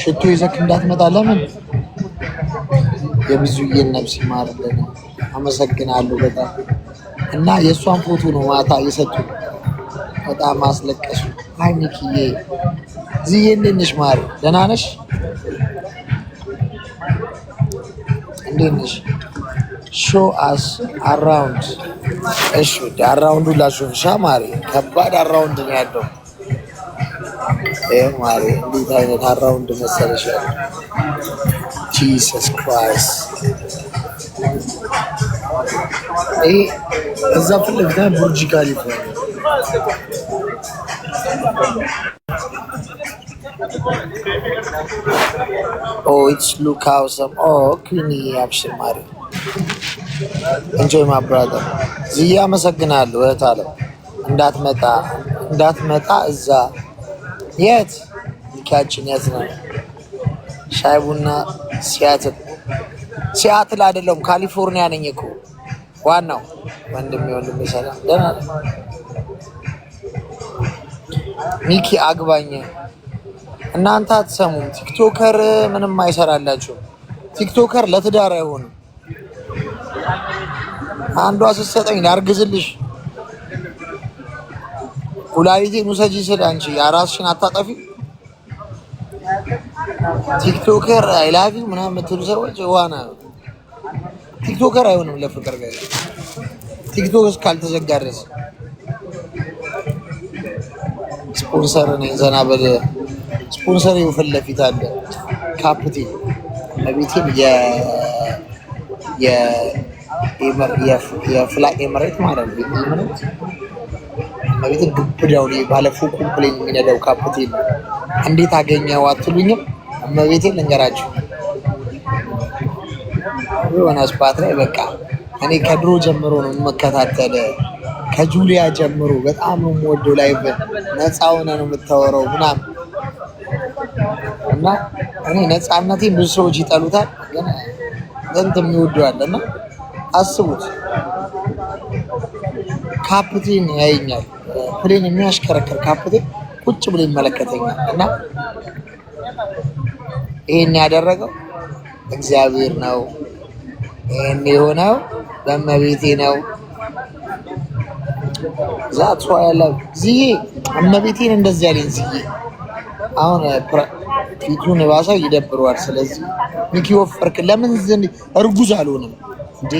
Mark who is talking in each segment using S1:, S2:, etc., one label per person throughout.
S1: ሽቱ ይዘክ እንዳትመጣ። ለምን? የብዙዬን ነብስ ይማርልን። አመሰግናለሁ በጣም እና የእሷን ፎቶ ነው ማታ የሰጡ። በጣም አስለቀሱ። አይኒክዬ ሚኪዬ፣ ዝዬ እንዴት ነሽ? ማር ደህና ነሽ? እንዴት ነሽ? ሾ አስ አራውንድ። እሺ፣ አራውንዱ ላሾፍሻ ማሪ። ከባድ አራውንድ ነው ያለው። ይህ ማሪ እንዴት አይነት አራውንድ መሰለሽ ያለ ጂሰስ ክራይስት። ይህ እዛ ፊት ለፊት ቡርጅ ካሊፋ ኦ ኢትስ ሉክ አውሰም ኦ አብሽር ማሪ እንጆይ ማብራደር ዝያ አመሰግናለሁ እህት እንዳትመጣ እንዳትመጣ እዛ የት ይካችን ያዝናል። ሻይ ቡና ሲያትል ሲያትል አይደለም ካሊፎርኒያ ነኝ እኮ ዋናው ወንድሜ ወንድሜ ሰላም ደህና ሚኪ አግባኝ እናንተ አትሰሙም ቲክቶከር ምንም አይሰራላችሁም ቲክቶከር ለትዳር አይሆንም አንዷ ስትሰጠኝ ላርግዝልሽ ኩላሊቴን ውሰጂ ስል አንቺ አራስሽን አታጠፊ። ቲክቶከር አይላቪ ምናምን የምትሉ ሰዎች ዋና ቲክቶከር አይሆንም ለፍቅር ጋር ቲክቶክ እስካልተዘጋ ድረስ ስፖንሰር ነኝ። ዘና በል ስፖንሰር ይኸው አለ። ካፕቲ ለቤቴም የ የ የፍላይ ኤምሬት ማለት ነው። ማለት ዱብዳው ነው ባለፈው ኮምፕሌን የሚነዳው ካፕቴ እንዴት አገኘው አትሉኝም? እመቤቴ ልንገራችሁ የሆነ ስፓት ላይ በቃ እኔ ከድሮ ጀምሮ ነው የምከታተል ከጁሊያ ጀምሮ በጣም ነው የምወደው። ላይ ነፃ ሆነ ነው የምታወራው ምናምን እና እኔ ነፃነቴን ብዙ ሰዎች ይጠሉታል፣ ግን ጥንት የሚወደዋል እና አስቡት ካፕቴን ያይኛል ፕሌን የሚያሽከረክር ካፕቴን ቁጭ ብሎ ይመለከተኛል እና ይህን ያደረገው እግዚአብሔር ነው። ይህን የሆነው በእመቤቴ ነው። ዛት ያለ ዝዬ እመቤቴን እንደዚህ ያለኝ ዝዬ አሁን ፊቱን ባሳይ ይደብረዋል። ስለዚህ ሚኪ ወፈርክ ለምን እርጉዝ አልሆንም እንዴ?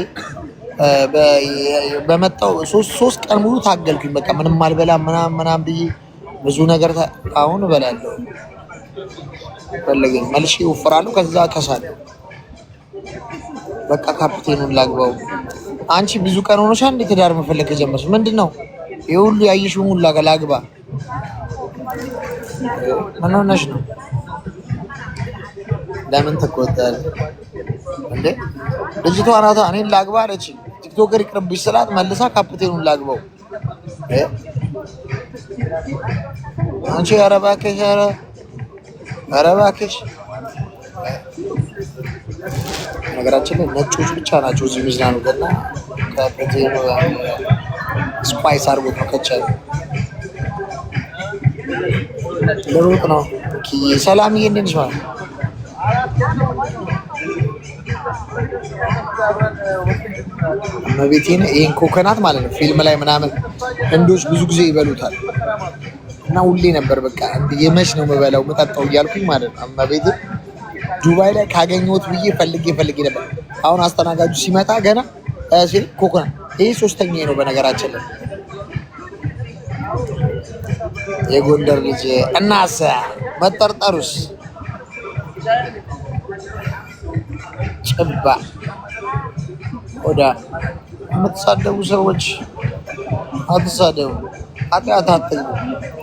S1: በመጣው ሶስት ቀን ሙሉ ታገልኩኝ። በቃ ምንም አልበላም ምናምን ምናምን ብዬ ብዙ ነገር አሁን እበላለሁ። ፈለገኝ መልሼ እወፍራለሁ፣ ከዛ ከሳል በቃ ካፕቴኑን ላግባው። አንቺ ብዙ ቀን ሆኖሻ እንዴ ትዳር መፈለግ ከጀመርሽ? ምንድን ነው ይህ ሁሉ ያየሽውን ሁላ ላግባ? ምን ሆነሽ ነው? ለምን ትቆጣለሽ እንዴ? ልጅቷ ናታ እኔን ላግባ አለችኝ። ቲክቶከር ይቅርብሽ ስላት መልሳ ካፕቴኑን ላግበው አንቺ ኧረ እባክሽ ኧረ ኧረ እባክሽ። ነገራችን ላይ ነጮች ብቻ ናቸው እዚህ ምዝናኑ ገና ካፕቴኑ ስፓይስ አድርጎት ነው ከቻለ ለሩቅ ነው። ሰላም እንደት ነሽ መቤቴን ይህን ኮኮናት ማለት ነው ፊልም ላይ ምናምን ህንዶች ብዙ ጊዜ ይበሉታል እና ሁሌ ነበር በቃ የመች ነው የምበላው የምጠጣው እያልኩኝ ማለት ነው። መቤቴ ዱባይ ላይ ካገኘሁት ብዬ ፈልጌ ፈልጌ ነበር። አሁን አስተናጋጁ ሲመጣ ገና ሲል ኮኮናት ይህ ሶስተኛ ነው በነገራችን ላይ የጎንደር ልጅ እናሰ መጠርጠሩስ ጭባ ቆዳ የምትሳደቡ ሰዎች አትሳደቡ፣ ኃጢአት አትግቡ።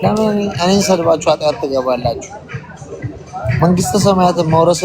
S1: ለምን እኔን ሰድባችሁ ኃጢአት ትገባላችሁ? መንግስተ ሰማያትን መውረስ